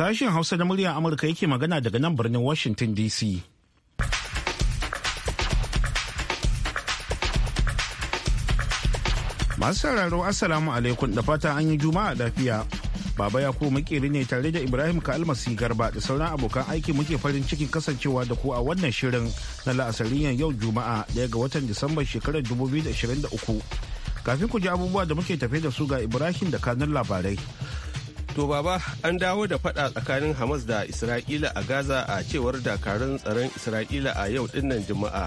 Sashen Hausa na muryar Amurka yake magana daga nan birnin Washington DC. Masu sauraro Assalamu alaikum da fata an yi juma'a lafiya. Baba ya ku makeri ne tare da Ibrahim Kalmasi Garba da sauran abokan aiki muke farin cikin kasancewa da ku a wannan shirin na la'asariyan yau Juma'a daya ga watan Disambar shekarar 2023. Kafin ku ji abubuwa da muke tafe da su ga Ibrahim da kanun labarai. To baba an dawo da fada tsakanin Hamas da Isra'ila a Gaza a cewar dakarun tsaron Isra'ila a yau dinnan Juma'a.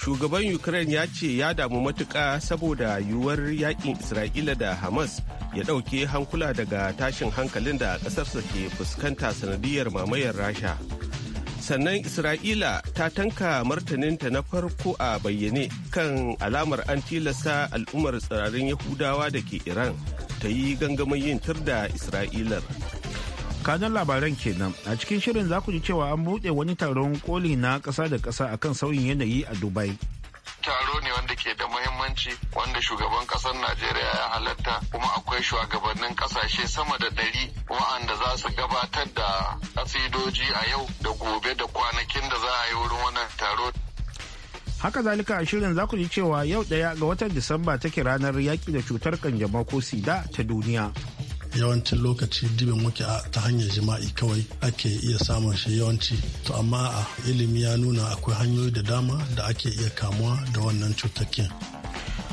Shugaban Ukraine ya ce ya damu matuƙa saboda yiwuwar yakin Isra'ila da Hamas ya ɗauke hankula daga tashin hankalin da ƙasarsa ke fuskanta sanadiyar mamayar Rasha. Sannan Isra'ila ta tanka martaninta na farko a bayyane kan alamar an tilasta al'ummar tsirarin Yahudawa da ke Iran. ta yi gangamin yin tur da isra'ila kanan labaran kenan a cikin shirin za ku ji cewa an buɗe wani taron koli na ƙasa da ƙasa akan sauyin yanayi a dubai taro ne wanda ke da muhimmanci wanda shugaban kasar najeriya ya halatta kuma akwai shugabannin kasashe sama da ɗari wa'anda za su gabatar da asidoji a yau da gobe da kwanakin da za a yi wurin wannan taro haka zalika a shirin za ku ji cewa yau daya ga watan disamba take ranar yaƙi da cutar kanjamau ko sida ta duniya yawancin lokaci dibin muke ta hanyar jima'i kawai ake iya samun shi yawanci to amma a ilimi ya nuna akwai hanyoyi da dama da ake iya kamuwa da wannan cutakken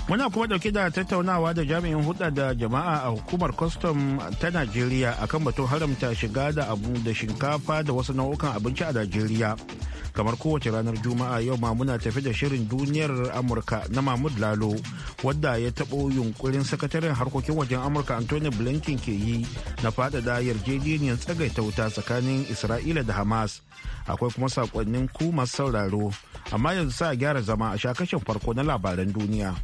muna kuma dauke da tattaunawa da jami'in hulɗa da jama'a a hukumar kwastam ta najeriya akan batun haramta shiga da abu da shinkafa da wasu nau'ukan abinci a najeriya kamar kowace ranar juma'a yau ma muna tafi da shirin duniyar amurka na mahmud lalo wadda ya taɓo yunkurin sakataren harkokin wajen amurka antony blinken ke yi na faɗaɗa yarjejeniyar tsagaita wuta tsakanin isra'ila da hamas akwai kuma saƙonnin ku masu sauraro amma yanzu sa gyara zama a shakashin farko na labaran duniya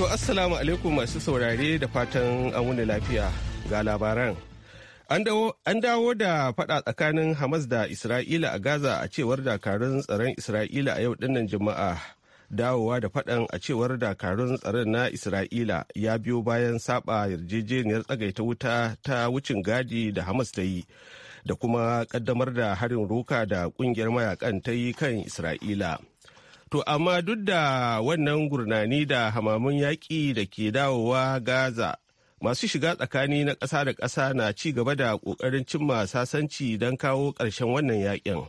To assalamu alaikum masu saurare da fatan an wuni lafiya ga labaran. An dawo da fada tsakanin Hamas da Isra'ila a Gaza a cewar dakarun tsaron Isra'ila a yau dinnan Juma'a. Dawowa da fadan a cewar dakarun tsaron na Isra'ila ya biyo bayan saba yarjejeniyar tsagaita wuta ta wucin gadi da Hamas ta yi da kuma kaddamar da harin roka da kungiyar mayakan ta yi kan Isra'ila. To amma duk da wannan gurnani da hamamun yaƙi da ke dawowa Gaza masu shiga tsakani na ƙasa da ƙasa na ci gaba da ƙoƙarin cimma sasanci don kawo ƙarshen wannan yakin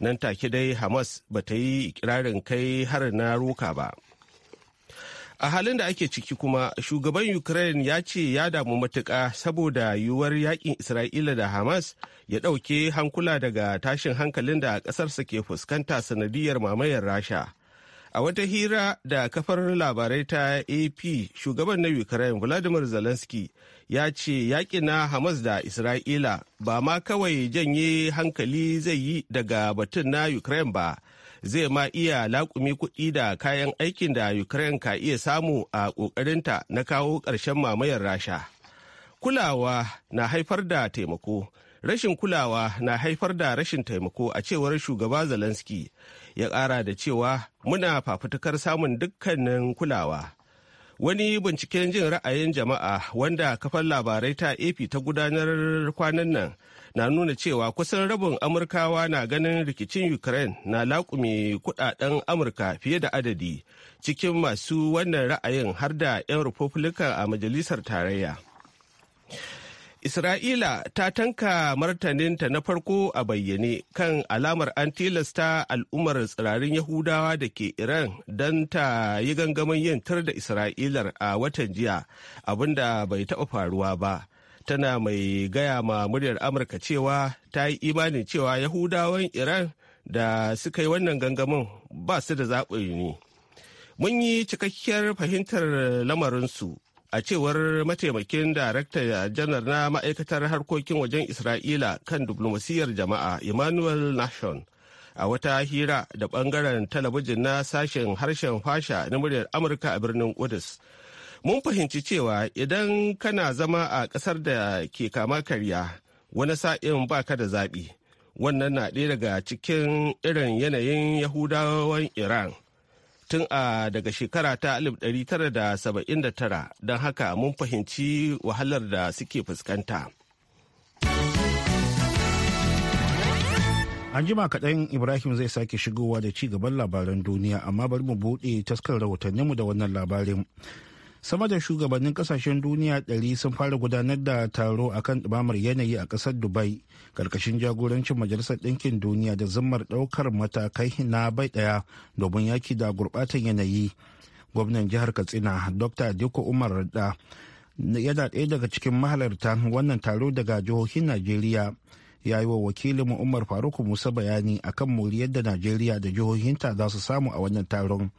nan take dai hamas ba ta yi ikirarin kai har na roka ba a halin da ake ciki kuma shugaban ukraine ya ce ya damu matuƙa saboda yiwuwar yaƙin isra'ila da hamas ya ɗauke hankula daga tashin hankalin da ƙasarsa ke fuskanta sanadiyar mamayar rasha A wata hira da kafar labarai ta AP shugaban na Ukraine Vladimir Zelensky ya ce yaƙi na Hamas da Isra'ila ba ma kawai janye hankali zai yi daga batun na Ukraine ba, zai ma iya laƙumi kuɗi da kayan aikin da Ukraine ka iya samu a ƙoƙarinta na kawo ƙarshen mamayar Rasha. Kulawa na haifar da taimako. rashin kulawa na haifar da rashin taimako a cewar shugaba zelensky ya ƙara da cewa muna fafutukar samun dukkanin kulawa wani binciken jin ra'ayin jama'a wanda kafar labarai ta ap ta gudanar kwanan nan na nuna cewa kusan rabin amurkawa na ganin rikicin ukraine na laƙume kudaden amurka fiye da adadi cikin masu wannan ra'ayin har da 'yan republican a majalisar tarayya Isra'ila ta tanka martaninta na farko a bayyane kan alamar an tilasta al'ummar tsirarin Yahudawa da ke Iran don ta yi gangamin yin tar da Isra'ilar a watan jiya abinda bai taɓa faruwa ba. Tana mai gaya ma muryar Amurka cewa ta yi imanin cewa Yahudawan Iran da suka yi wannan gangamin ba su da zaɓi ne. Mun yi cikakkiyar fahimtar lamarinsu a cewar mataimakin darakta janar na ma'aikatar harkokin wajen isra'ila kan diplomasiyar jama'a emmanuel nashon a wata hira da bangaren talabijin na sashen harshen fasha na muryar amurka a birnin kudus mun fahimci cewa idan kana zama a ƙasar da ke kama karya wani sa'in baka da zaɓi wannan na ɗaya daga cikin irin yanayin yahudawan iran tun a daga shekara ta 1979 don haka mun fahimci wahalar da suke fuskanta. An jima kaɗan Ibrahim zai sake shigowa da ci gaban labaran duniya amma bari mu buɗe taskar rahotanninmu da wannan labarin. Sama da shugabannin kasashen duniya ɗari sun fara gudanar da taro akan ɗumamar yanayi a ƙasar Dubai karkashin jagorancin majalisar ɗinkin duniya da zammar ɗaukar matakai na bai ɗaya domin yaki da gurɓatan yanayi gwamnan jihar katsina dr diko umar radda yana ɗaya daga cikin mahalarta wannan taro daga jihohin najeriya ya yi wa wakilin umar faruk musa bayani akan moriyar da najeriya da jihohinta za su samu a wannan taron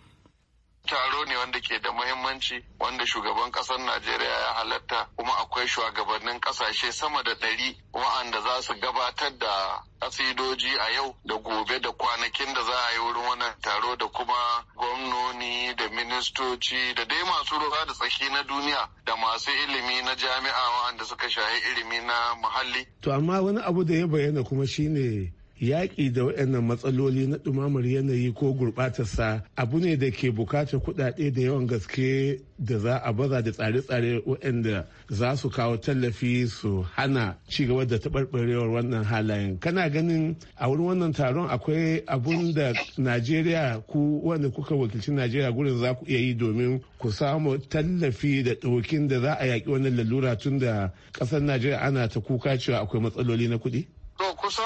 ke da muhimmanci wanda shugaban kasar Najeriya ya halatta kuma akwai shugabannin kasashe sama da ɗari wa'anda za su gabatar da asidoji a yau da gobe da kwanakin da za a yi wurin wannan taro da kuma gwamnoni da ministoci da dai masu ruwa da tsaki na duniya da masu ilimi na jami'a wa'anda suka shahi ilimi na muhalli. To amma wani abu da ya bayyana kuma shine yaƙi da waɗannan matsaloli na ɗumamar yanayi ko gurɓatarsa abu ne da ke buƙatar kuɗaɗe da yawan gaske da za a baza da tsare-tsare waɗanda za su kawo tallafi su hana cigaba da taɓarɓarewar wannan halayen kana ganin a wurin wannan taron akwai abun da najeriya ku wanda kuka wakilci najeriya gurin za ku iya yi domin ku samu tallafi da ɗaukin da za a yaƙi wannan lalura tun da ƙasar najeriya ana ta kuka cewa akwai matsaloli na kuɗi? to kusa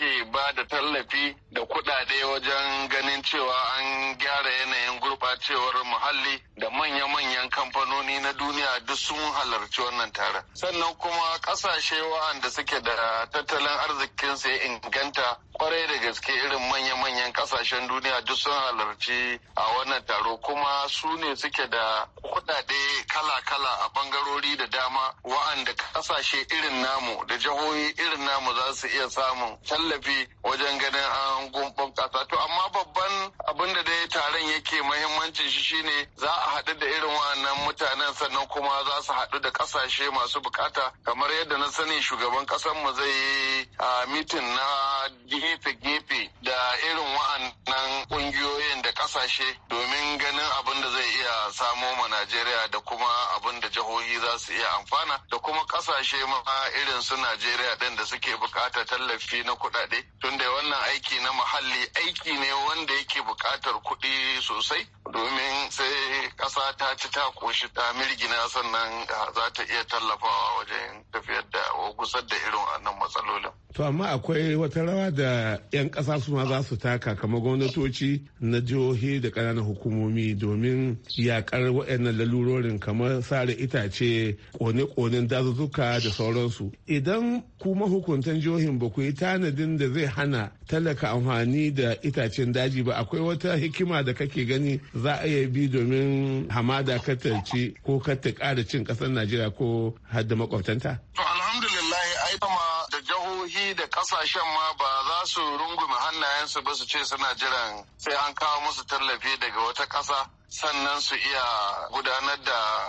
ake ba da tallafi da kuɗaɗe wajen ganin cewa an gyara yanayin gurɓacewar muhalli da manya-manyan kamfanoni na duniya duk sun halarci wannan taron. Sannan kuma ƙasashe wa'anda suke da tattalin arzikinsu ya inganta kwarai da gaske irin manya-manyan ƙasashen duniya duk sun halarci a wannan taro kuma su ne suke da kuɗaɗe kala-kala a bangarori da dama wa'anda ƙasashe irin namu da jihohi irin namu za su iya samun tallafi wajen ganin an gumbin ƙasa. To amma abin da dai taron yake mahimmancin shi shine za a haɗu da irin wa'annan mutanen sannan kuma za su haɗu da ƙasashe masu bukata kamar yadda na sani shugaban mu zai yi a mitin na gefe-gefe da irin wa'annan kasashe domin ganin abin da zai iya samo ma Najeriya da kuma abin da jihohi za su iya amfana da kuma kasashe ma irin su Najeriya ɗin da suke bukatar tallafi na kuɗaɗe tunda wannan aiki na muhalli aiki ne wanda yake bukatar kuɗi sosai domin sai ƙasa ta ci ta ƙoshi ta mirgina sannan za ta iya tallafawa wajen tafiyar da gusar da irin wannan matsalolin. To amma akwai wata rawa da 'yan ƙasa su ma za su taka kamar gwamnatoci na jihohi jihohi da ƙananan hukumomi domin yaƙar waɗannan lalurorin kamar sare itace ƙone konen dazuzzuka da sauransu idan kuma hukuntan jihohin ba ku yi tanadin da zai hana talaka amfani da itacen daji ba akwai wata hikima da kake gani za a iya bi domin hamada katarci ko ta ƙara cin ƙasar najeriya ko hadda makwabtanta? kasashen ma ba za su rungume hannayensu ba su ce suna jiran sai an kawo musu tallafi daga wata ƙasa sannan su iya gudanar da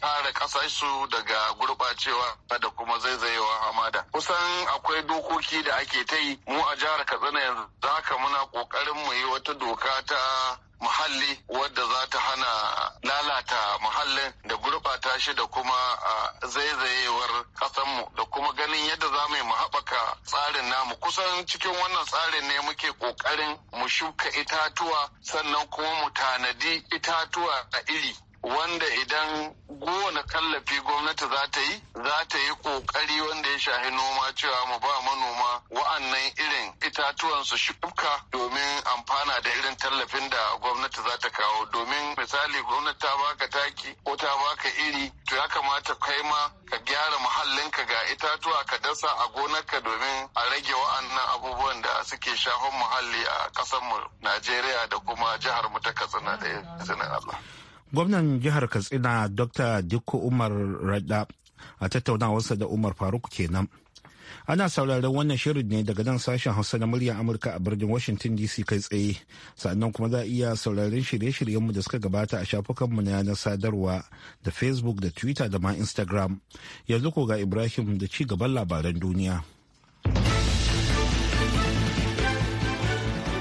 kare ƙasarsu daga gurɓacewa da kuma zaizayewa hamada. Kusan akwai dokoki da ake ta yi mu a jihar Katsina yanzu za ka muna ƙoƙarin mu yi wata doka ta muhalli wadda za ta hana lalata muhallin da gurbata shi da kuma zaizayewar ƙasanmu da kuma ganin yadda za mu yi mu haɓaka tsarin namu kusan cikin wannan tsarin ne muke ƙoƙarin mu shuka itatuwa sannan kuma mu tanadi itatuwa a iri wanda idan kowane kallafi gwamnati za ta yi za ta yi kokari wanda ya shahi noma cewa mu ba manoma wa'annan irin itatuwan su shuka domin amfana da irin tallafin da gwamnati za ta kawo domin misali gwamnati ta baka taki ko ta baka iri to ya kamata kai ma ka gyara muhallinka ga itatuwa ka dasa a gonarka domin a rage wa'annan abubuwan da suke shafan muhalli a mu Najeriya da kuma jihar mu ta Katsina da izinin Allah. gwamnan jihar katsina dr dikko umar rada a tattaunawarsa da umar faruk kenan ana sauraron wannan shirin ne daga nan sashen hausa na muryar amurka a birnin washington dc kai tsaye sannan kuma za a iya sauraron shirye-shiryenmu da suka gabata a shafukanmu na yanar sadarwa da facebook da twitter da ma instagram yanzu ko ga ibrahim da ci gaban labaran duniya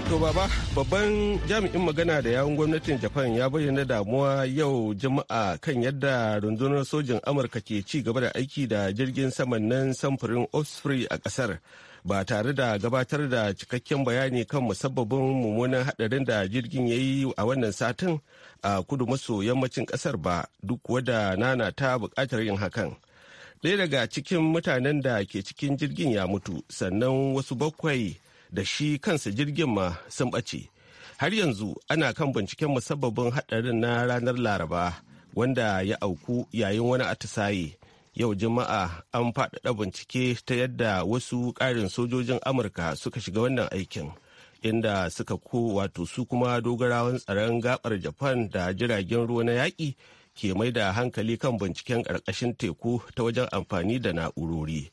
To baba babban jami'in magana da yawun gwamnatin Japan ya bayyana damuwa yau Juma'a kan yadda rundunar sojin Amurka ke ci gaba da aiki da jirgin saman nan samfurin Osprey a kasar ba tare da gabatar da cikakken bayani kan musabbabin mummunan hadarin da jirgin ya yi a wannan satin a kudu maso yammacin kasar ba duk wada nana ta bukatar yin hakan. Ɗaya daga cikin mutanen da ke cikin jirgin ya mutu sannan wasu bakwai da shi kansa jirgin ma sun ɓace har yanzu ana kan binciken musabbabin haɗarin na ranar laraba wanda ya auku yayin wani atisaye yau juma'a an faɗaɗa bincike ta yadda wasu ƙarin sojojin amurka suka shiga wannan aikin inda suka ko wato su kuma dogarawan tsaron gabar japan da jiragen ruwa na yaƙi ke mai da hankali kan binciken ƙarƙashin teku ta wajen amfani da na'urori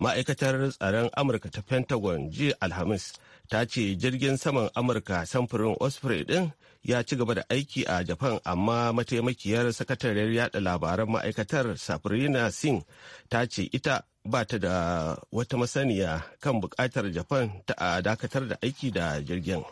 ma'aikatar tsaron amurka ta pentagon jiya alhamis ta ce jirgin saman amurka samfurin osprey din ya ci gaba da aiki a japan amma mataimakiyar sakatariyar yada labaran ma'aikatar sabrina singh ta ce ita ba ta da wata masaniya kan bukatar japan ta dakatar da aiki da jirgin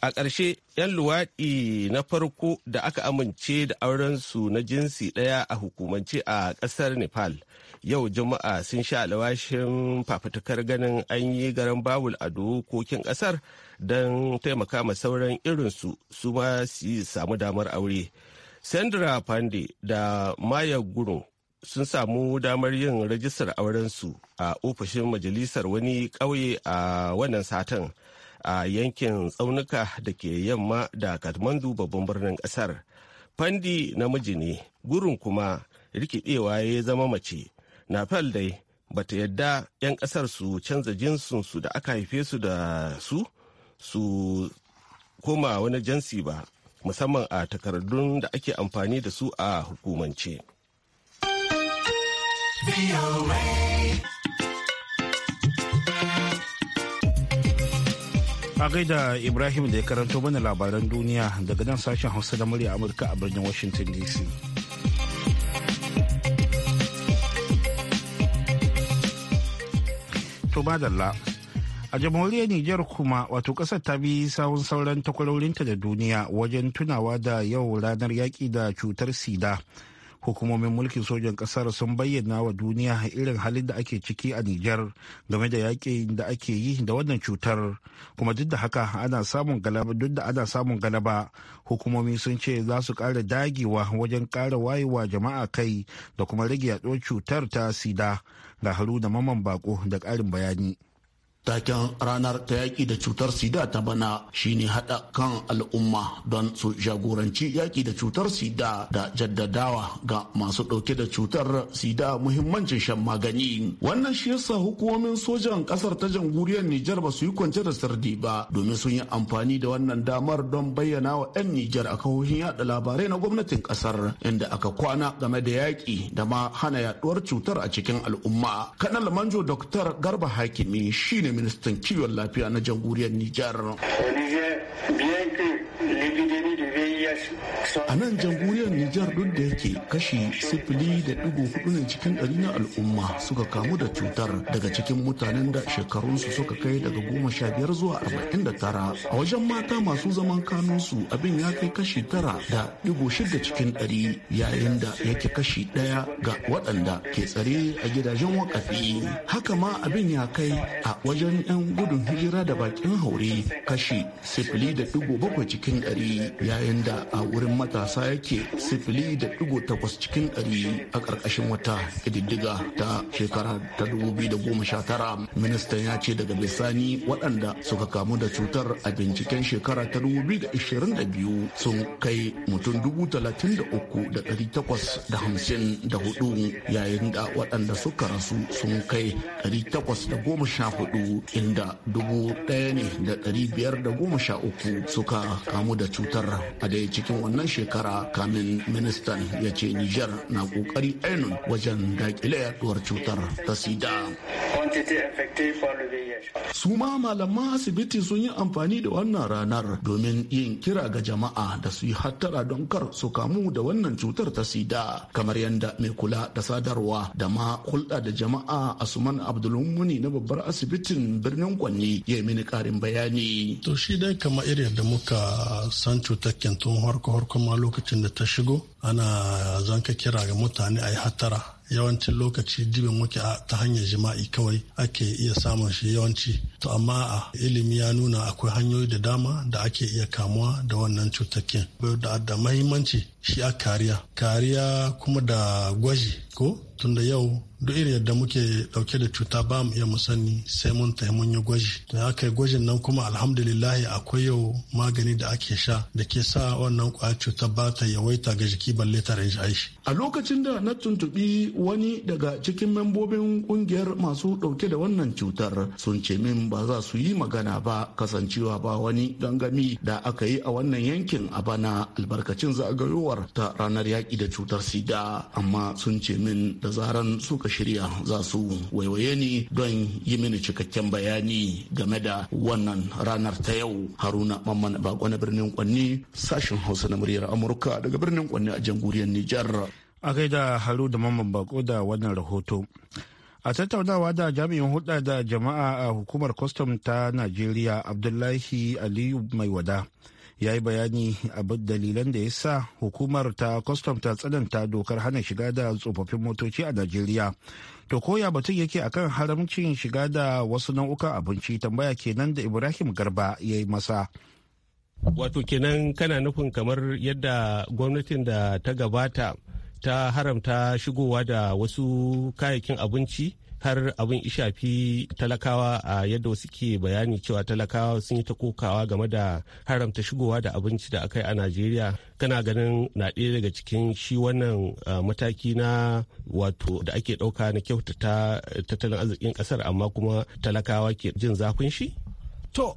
a ƙarshe 'yan luwaɗi na farko da aka amince da auren su na jinsi ɗaya a hukumance a ƙasar nepal yau juma'a sun sha alwashin fafutukar ganin an yi garan bawul a dokokin kasar don taimaka ma sauran irinsu su ma su samu damar aure sandra pande da maya gurun sun samu damar yin rajistar aurensu a ofishin majalisar wani ƙauye a wannan satin a yankin tsaunuka da ke yamma da katmandu babban birnin ƙasar fandi namiji ne gurin kuma rikidewa ya zama mace nafel dai bata yadda 'yan kasar su canza jinsinsu da aka haife su da su su koma wani jinsi ba musamman a takardun da ake amfani da su a hukumance. A gaida Ibrahim da ya karanto mana labaran duniya daga nan sashen Hausa da murya Amurka a birnin Washington DC. to badalla a jamhuriyar niger kuma wato kasar ta bi sawun sauran takwarorinta da duniya wajen tunawa da yau ranar yaƙi da cutar sida hukumomin mulkin sojan kasar sun bayyana wa duniya irin halin da ake ciki a Nijar game da yaƙi da ake yi da wannan cutar kuma duk da haka ana samun galaba duk da ana samun galaba hukumomi sun ce za su ƙara dagewa wajen ƙara wayewa jama'a kai da kuma rage yaɗuwar cutar ta sida ga haruna maman bako da ƙarin bayani. Taken ranar ta yaƙi da cutar sida ta bana shine haɗa kan al'umma don su jagoranci yaƙi da cutar sida da jaddadawa ga masu ɗauke da cutar sida muhimmancin shan magani. Wannan shi yasa hukumomin sojan ƙasar ta jamhuriyar Nijar ba su yi kwance da sardi ba domin sun yi amfani da wannan damar don bayyana wa 'yan Nijar a kahohin yaɗa labarai na gwamnatin ƙasar inda aka kwana game da yaƙi da ma hana yaɗuwar cutar a cikin al'umma. Kanal Manjo Dr. Garba Hakimi shine shine ministan kiwon lafiya na jamhuriyar Nijar. a nan jamhuriyar nijar duk da yake kashi sifili da digo hudu ne cikin ɗari na al'umma suka kamu da cutar daga cikin mutanen da shekarunsu suka kai daga goma sha biyar zuwa arba'in da tara a wajen mata masu zaman kanunsu abin ya kai kashi tara da digo shida cikin ɗari yayin da yake kashi ɗaya ga waɗanda ke tsare a gidajen wakafi haka ma abin ya kai a wajen 'yan gudun hijira da bakin haure kashi sifili da digo bakwai cikin ɗari yayin da a wurin matasa yake sifili da digo takwas cikin ɗari a ƙarƙashin wata ƙididdiga ta shekara ta 2019 ministan ya ce daga bisani waɗanda suka kamu da cutar a binciken shekara ta 2022 sun kai mutum 33,854 yayin da waɗanda suka rasu sun kai 814 inda 1,513 suka kamu da cutar a dai cikin wannan shekara kamin ministan ya ce Nijar na kokari ainun wajen dakile yaduwar cutar ta sida. suma ma malaman asibiti sun yi amfani da wannan ranar domin yin kira ga jama'a da su yi hattara don kar su kamu da wannan cutar ta sida kamar yadda mai kula da sadarwa da ma hulɗa da jama'a Asuman Abdulmuni na babbar asibitin birnin Kwanni ya yi mini ƙarin bayani. To shi dai kamar irin da muka san cutar kyantun harko-harko ma lokacin da ta shigo ana zanka kira ga mutane a yi hatara yawancin lokaci dibin muke ta hanyar jima'i kawai ake iya samun shi yawanci to amma a ilimi ya nuna akwai hanyoyi da dama da ake iya kamuwa da wannan cutakken da da mahimmanci shi a kariya kariya kuma da gwaji ko tunda yau duk irin yadda muke dauke da cuta ba mu iya musani sai mun tafi mun yi gwaji da aka yi gwajin nan kuma alhamdulillahi akwai yau magani da ake sha da ke sa wannan kwayar cuta ba ta yawaita ga jiki balle ta rinjaye shi a lokacin da na tuntubi wani daga cikin membobin kungiyar masu dauke da wannan cutar sun ce min ba za su yi magana ba kasancewa ba wani gangami da aka yi a wannan yankin a bana albarkacin zagayowar ta ranar yaki da cutar sida amma sun ce min da zaran suka shirya za su waiwaye ni don yi mini cikakken bayani game da wannan ranar ta yau haruna mamman bako na birnin kwanni sashen hausa na muryar amurka daga birnin kwanni a jamhuriyar nijar a da haru da mamman bako da wannan rahoto a tattaunawa da jami'in hulɗa da jama'a a hukumar kwastam ta najeriya abdullahi aliyu mai wada ya yi bayani abin dalilan da ya sa hukumar ta kwastam ta tsananta dokar hana shiga da tsofaffin motoci a najeriya to koya batun yake akan haramcin shiga da wasu nau'ukan abinci tambaya kenan da ibrahim garba ya yi masa wato kenan kana nufin kamar yadda gwamnatin da ta gabata ta haramta shigowa da wasu kayayyakin abinci har abin ishafi talakawa a yadda suke bayani cewa talakawa sun yi ta kokawa game da haramta shigowa da abinci da aka yi a najeriya kana ganin na ɗaya daga cikin shi wannan mataki na wato da ake ɗauka na kyautata tattalin arzikin ƙasar amma kuma talakawa ke jin zafin shi to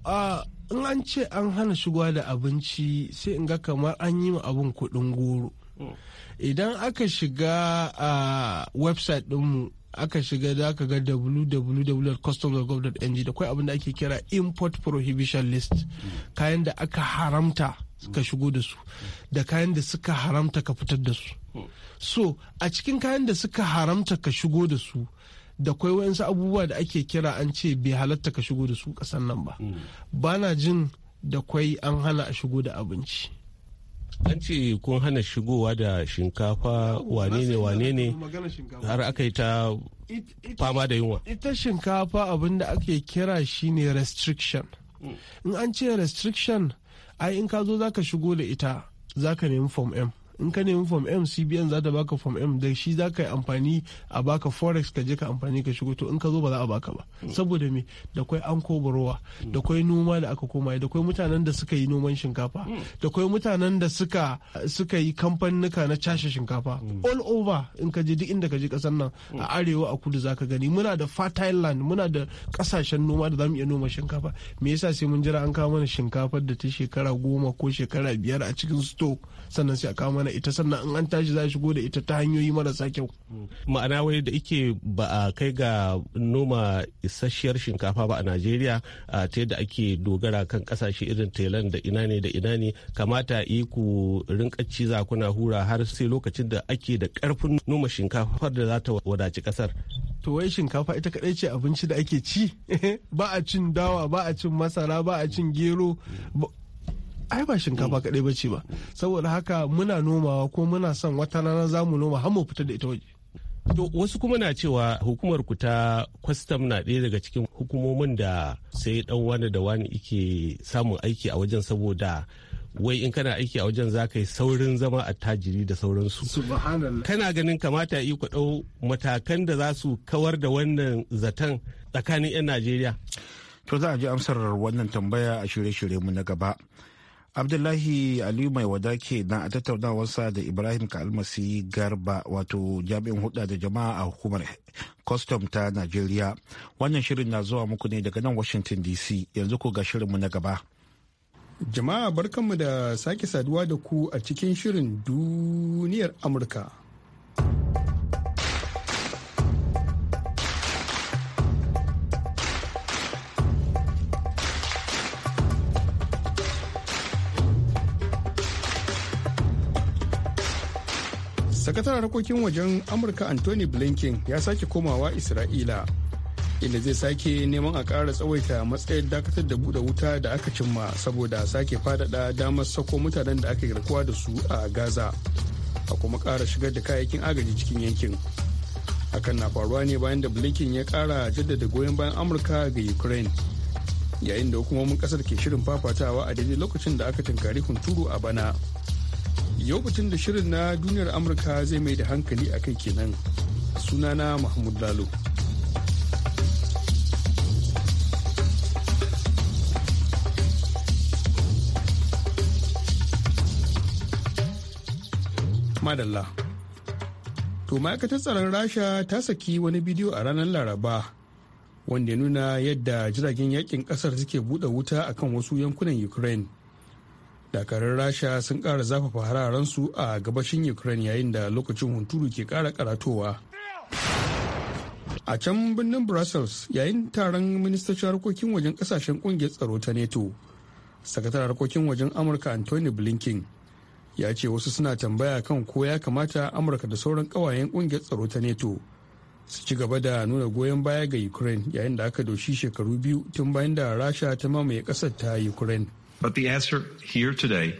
in an ce an hana shigowa da abinci sai in ga kamar an yi abin kuɗin goro mm. idan aka shiga a website ɗinmu aka shiga da aka ga www.customs.gov.ng da kwai abin da ake kira import prohibition list kayan da aka haramta ka shigo da su da kayan da suka haramta ka fitar da su so a cikin kayan da suka haramta ka shigo da su da kwai wayansu abubuwa da ake kira an ce bai halatta ka shigo da su kasan nan ba ba na jin da kwai an hana a shigo da abinci an ce kun hana shigowa da shinkafa wane ne wane ne har aka yi ta fama da yunwa ita shinkafa abin da ake kira shine restriction mm. in an ce restriction ai in ka zo zaka shigo da ita zaka nemi form m in ka nemi form m cbn za ta baka form m da shi za ka yi amfani a baka forex ka je ka amfani ka shigo to in ka zo ba za a baka ba saboda me da kwai an kobarowa da kwai noma da aka koma da kwai mutanen da suka yi noman shinkafa da kwai mutanen da suka suka yi kamfanuka na cashe shinkafa all over in ka je duk inda ka je kasar nan a arewa a kudu za ka gani muna da fertile land muna da kasashen noma da za mu iya noma shinkafa me yasa sai mun jira an kawo mana shinkafar da ta shekara goma ko shekara biyar a cikin sto sannan sai a kawo mana ita sannan in an tashi za shigo da ita ta hanyoyi marasa kyau ma'ana wai da ike ba a kai ga noma isasshiyar shinkafa ba a najeriya ta yadda ake dogara kan kasashe irin thailand da ina ne da ina ne kamata yi ku rinka ciza kuna hura har sai lokacin da ake da karfin noma shinkafa da za ta wadaci kasar to wai shinkafa ita kadai ce abinci da ake ci ba a cin dawa ba a cin masara ba a cin gero ai ba shinkafa kaɗai ba ce ba saboda haka muna nomawa ko muna son wata rana za mu noma har mu fita da ita waje To wasu kuma na cewa hukumar ku ta kwastam na ɗaya daga cikin hukumomin da sai ɗan wani da wani ike samun aiki a wajen saboda wai in kana aiki a wajen za yi saurin zama attajiri da sauransu. Kana ganin kamata yi ku ɗau matakan da za su kawar da wannan zaton tsakanin 'yan Najeriya. To za a ji amsar wannan tambaya a shirye-shirye mu na gaba. abdullahi aliyu mai wada ke na a tattaunawarsa da ibrahim kalmasi garba wato jami'in hudda da jama'a a hukumar kwastam ta najeriya wannan shirin na zuwa muku ne daga nan washington dc yanzu ku ga shirinmu na gaba jama'a barkanmu da sake saduwa da ku a cikin shirin duniyar amurka sakataren harkokin wajen amurka anthony blinken ya sake komawa isra'ila inda zai sake neman a ƙara tsawaita matsayin dakatar da buɗe wuta da aka cimma saboda sake faɗaɗa damar sako mutanen da aka garkuwa da su a gaza a kuma ƙara shigar da kayayyakin agaji cikin yankin hakan na faruwa ne bayan da blinken ya ƙara jaddada goyon bayan amurka ga ukraine yayin da hukumomin ƙasar ke shirin fafatawa a daidai lokacin da aka tunkari hunturu a bana yau batun da shirin na duniyar amurka zai mai da hankali a kai kenan sunana mahmud lalo madalla to ma'aikatar tsaron rasha ta saki wani bidiyo a ranar laraba wanda ya nuna yadda jiragen yakin kasar suke buɗe wuta akan wasu yankunan ukraine dakarun rasha sun ƙara zafafa hararansu a gabashin ukraine yayin da lokacin hunturu ke ƙara karatowa a can birnin brussels yayin taron ministocin harkokin wajen kasashen kungiyar tsaro ta neto sakataren harkokin wajen amurka anthony blinken ya ce wasu suna tambaya kan ko ya kamata amurka da sauran kawayen kungiyar tsaro ta neto su ci gaba da nuna goyon baya ga ukraine yayin da aka doshi shekaru biyu tun bayan da rasha ta mamaye kasar ta ukraine But the answer here today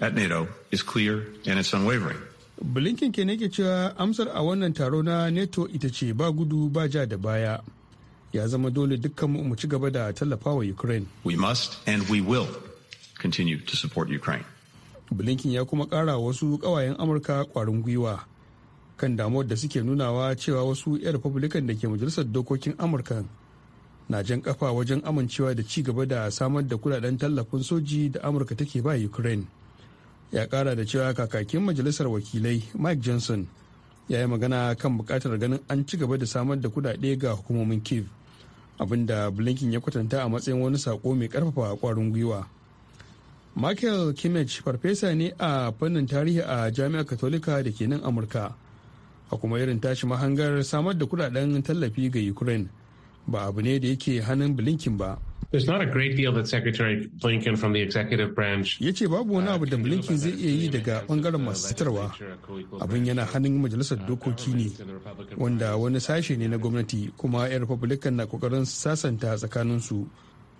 at NATO is clear and it's unwavering. Blinken ke nake cewa amsar a wannan taro na NATO ita ce ba gudu ba ja da baya. Ya zama dole dukkan mu ci gaba da tallafawa Ukraine. We must and we will continue to support Ukraine. Blinken ya kuma kara wasu kawayen Amurka kwarin gwiwa kan damuwar da suke nunawa cewa wasu 'yan Republican da ke majalisar dokokin Amurka na jan kafa wajen amincewa da ci gaba da samar da kudaden tallafin soji da amurka take ba ukraine ya kara da cewa kakakin majalisar wakilai mike johnson ya yi magana kan bukatar ganin an ci gaba da samar da kudade ga hukumomin kiev abinda blinken ya kwatanta a matsayin wani sako mai karfafa kwarin gwiwa michael kimmich farfesa ne a fannin tarihi a jami'ar katolika da ke nan amurka a kuma irin tashi mahangar samar da kudaden tallafi ga ukraine ba abu ne da yake hannun Blinken ba. There's not a great deal that from the branch. Ya ce babu wani abu da uh, Blinken zai iya yi daga bangaren masu sitarwa. Abin yana hannun majalisar dokoki ne, wanda wani sashe ne na gwamnati kuma 'yan Republican na kokarin sasanta tsakaninsu.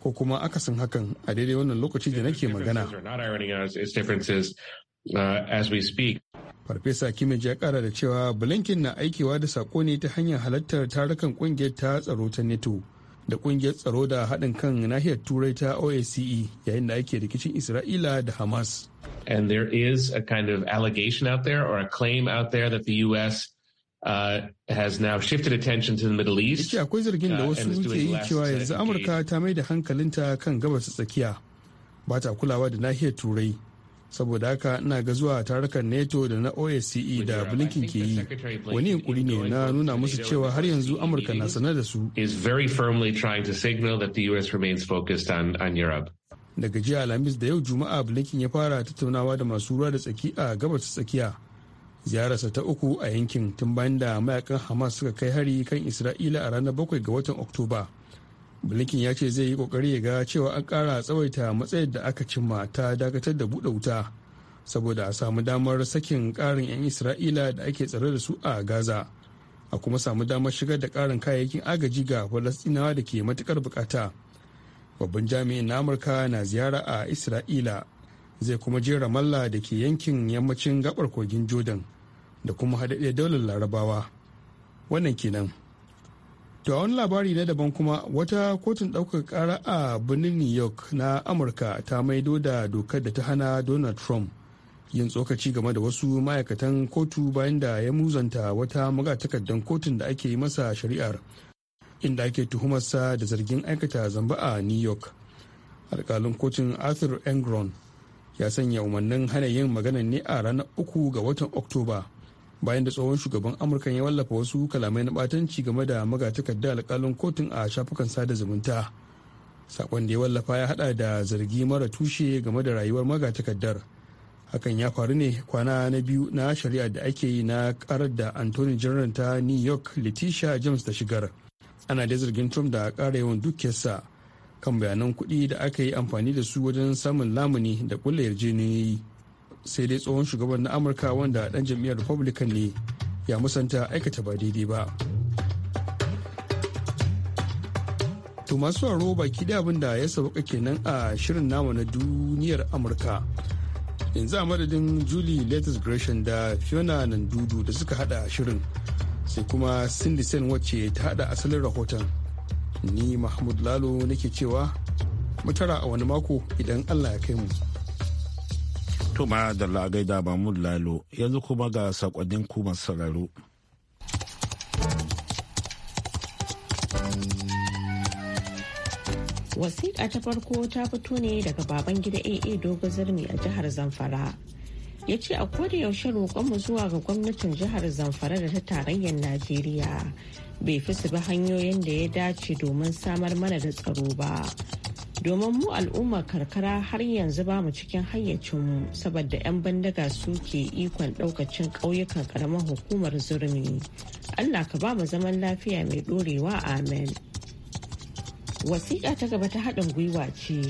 Ko kuma akasin hakan a daidai wannan lokaci da nake magana. farfesa kimmage ya kara da cewa blinken na aikewa da sako ne ta hanyar halartar tarukan kungiyar ta tsaro ta neto da kungiyar tsaro da haɗin kan nahiyar turai ta oace yayin da ake rikicin isra'ila da hamas and there is a kind of allegation out there or a claim out there that the us Uh, has now shifted attention to the Middle East. Yake akwai zargin da uh, wasu ke yi cewa yanzu Amurka ta mai da hankalinta kan gabas tsakiya ba ta kulawa da nahiyar Turai saboda haka ina ga zuwa tarukan NATO da na osce da blinken ke yi wani yunkuri ne na nuna musu cewa har yanzu amurka na sanar da su daga jiya alhamis da yau juma'a blinken ya fara tattaunawa da masu ruwa da tsaki a gabas tsakiya ziyararsa ta uku a yankin tun bayan da mayakan hamas suka kai hari kan isra'ila a ranar bakwai ga watan oktoba blinken ya ce zai yi kokari ya ga cewa an kara tsawaita matsayar da aka cimma ta dakatar da buɗe wuta saboda a samu damar sakin karin 'yan isra'ila da ake tsare da su a gaza a kuma samu damar shigar da karin kayayyakin agaji ga falastinawa da ke matukar bukata babban jami'in na amurka na ziyara a isra'ila zai kuma je ramallah da ke yankin yammacin gabar kogin jordan da kuma haɗaɗɗiyar daular larabawa wannan kenan. a wani labari na daban kuma wata kotun ɗaukar ƙara a birnin new york na amurka ta maido da dokar da ta hana donald trump yin tsokaci game da wasu ma'aikatan kotu bayan da ya muzanta wata magatakardar kotun da ake yi masa shari'ar inda ake tuhumarsa da zargin aikata zamba a new york alkalin kotun arthur engron ya sanya umarnin hana yin magana ne a ranar uku ga watan oktoba bayan da tsohon shugaban amurka ya wallafa wasu kalamai na batanci game da magatakarda alkalin kotun a shafukan sada zumunta sakon da ya wallafa ya hada da zargi mara tushe game da rayuwar magatakardar hakan ya faru ne kwana na biyu na shari'a da ake yi na karar da anthony general ta new york letitia james da shigar ana da zargin trump da kara yawan dukiyarsa kan bayanan kuɗi da aka yi amfani da su wajen samun lamuni da kulle yarjejeniyoyi sai dai tsohon shugaban na amurka wanda dan jam'iyyar republican ne ya musanta aikata ba daidai ba to masu aro baki da abin da ya sauka kenan a shirin namu na duniyar amurka yanzu a madadin julie latest gresham da fiona nandudu da suka hada shirin sai kuma cindy sen wacce ta hada asalin rahoton ni mahmud lalo nake cewa mutara a wani mako idan allah ya kai mu. To da lagaida Mahmud Lalo yanzu kuma ga sakonnin ku masu Wasiƙa ta farko ta fito ne daga baban gida AA Dogo Zirmi a jihar Zamfara. Ya ce a koda yaushe roƙonmu zuwa ga gwamnatin jihar Zamfara da ta tarayyar Najeriya bai fi su bi hanyoyin da ya dace domin samar mana da tsaro ba. domin mu al'ummar karkara har yanzu ba mu cikin hayyacinmu saboda 'yan bandaga ke ikon ɗaukacin ƙauyukan karamar hukumar zurmi allah ka ba mu zaman lafiya mai dorewa amen wasiƙa ta gaba ta haɗin gwiwa ce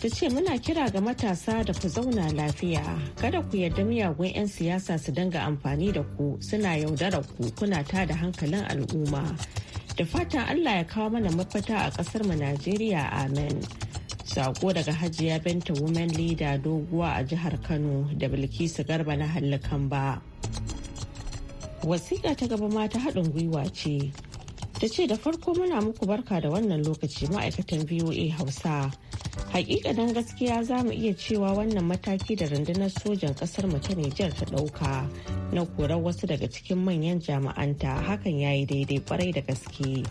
ta ce muna kira ga matasa da ku zauna lafiya kada ku yarda miyagun 'yan siyasa su danga amfani da ku suna yaudara ku kuna tada hankalin al'umma da fatan Allah ya kawo mana mafita a ƙasar mu Najeriya amen. Sako daga Hajiya Binta Women Leader doguwa a jihar Kano da Bilkisu Garba na Hallikan ba. Wasiƙa ta gaba mata haɗin gwiwa ce. Ta ce da farko muna muku barka da wannan lokaci ma'aikatan VOA Hausa. Hakikanin gaskiya za mu iya cewa wannan mataki da rundunar sojan kasar mu ta Nijar ta ɗauka na korar wasu daga cikin manyan jami'anta hakan ya yi daidai kwarai da gaske.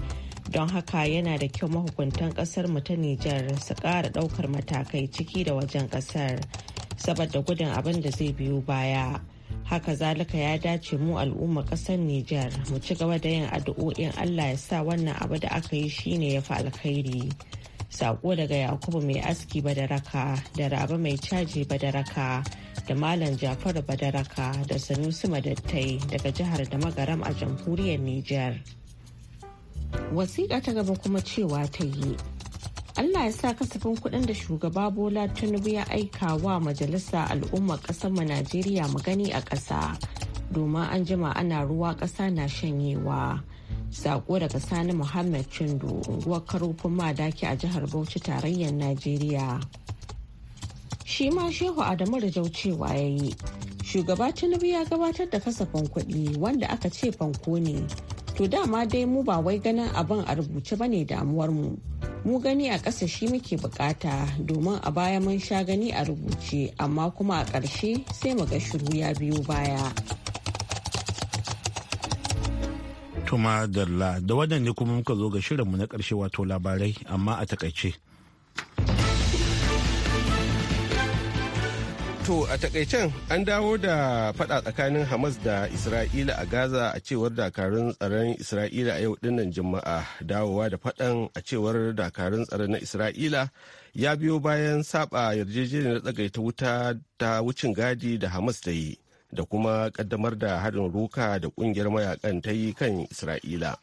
Don haka yana da kyau mahukuntan kasar mu ta Nijar su ƙara ɗaukar matakai ciki da wajen ƙasar saboda gudun abin da zai biyo baya. haka zalika ya dace mu al'umma ƙasar Nijar mu ci gaba da yin addu'o'in Allah ya sa wannan abu da aka yi shine ya fi alkhairi. Sako daga Yakubu mai aski badaraka da Raba mai caji badaraka da Malam Jafaru badaraka da Sanusi Madattai daga jihar da magaram a jamhuriyar niger. Wasiƙa ta gaba kuma cewa ta yi. Allah ya sa kasafin kudin da shugaba Bola Tinubu ya aika wa majalisa al'ummar ƙasarmu Najeriya mu gani a ƙasa. Domin an jima ana ruwa ƙasa na shanyewa. Sako daga Sani Muhammad chindu unguwar karofin madaki a jihar Bauchi tarayyar Najeriya. Shi ma Shehu Adamu da jaucewa ya yi. Shugaba Tinubu ya gabatar da kasafin kuɗi wanda aka ce fanko ne. To dama dai mu ba wai ganin abin a rubuce ba ne damuwar Mu mu gani a ƙasa shi muke bukata domin a baya mun sha gani a rubuce amma kuma a ƙarshe sai mu ga shiru ya biyo baya. Tuma Dalla da wannan kuma muka zo ga shirinmu na karshe wato labarai amma a takaice. To a takaicen an dawo da fada tsakanin Hamas da Isra'ila a Gaza a cewar dakarun tsaron Isra'ila a yau dinnan Juma'a dawowa da fadan a cewar dakarun tsaron na Isra'ila ya biyo bayan saba yarjejeniyar tsagaita wuta ta wucin gadi da Hamas ta yi. da kuma kaddamar da haɗin ruka da ƙungiyar mayakan ta yi kan isra'ila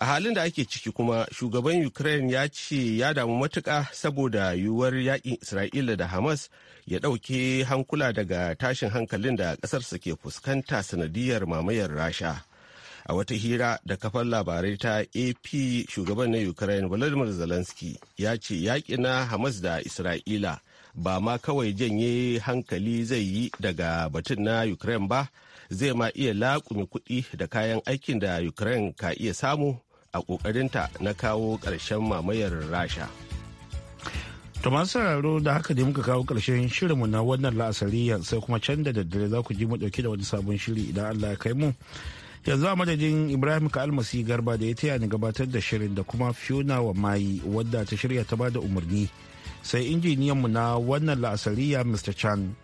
a halin da ake ciki kuma shugaban ukraine ya ce ya damu matuka saboda yiwuwar yaƙin isra'ila da hamas ya ɗauke hankula daga tashin hankalin da ƙasarsa ke fuskanta sanadiyar mamayar rasha a wata hira da kafar labarai ta ap shugaban na ukraine volodymyr zelensky ya ce yaƙi na hamas da isra'ila ba ma kawai janye hankali zai yi daga batun na ukraine ba zai ma iya laƙumi kuɗi da kayan aikin da ukraine ka iya samu a ƙoƙarinta na kawo ƙarshen mamayar rasha to masu sauraro da haka da muka kawo ƙarshen shirinmu na wannan la'asari sai kuma can da daddare za ku ji mu ɗauki da wani sabon shiri idan allah ya kai mu yanzu a madadin ibrahim kalmasi garba da ya taya ni gabatar da shirin da kuma fiona wa mayi wadda ta shirya ta ba da umarni sai injiniyanmu na wannan la'asariya mr chan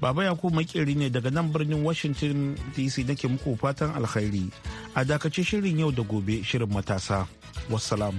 baba yakubu makeri ne daga nan birnin washington dc nake muku fatan alkhairi a dakace shirin yau da gobe shirin matasa wassalam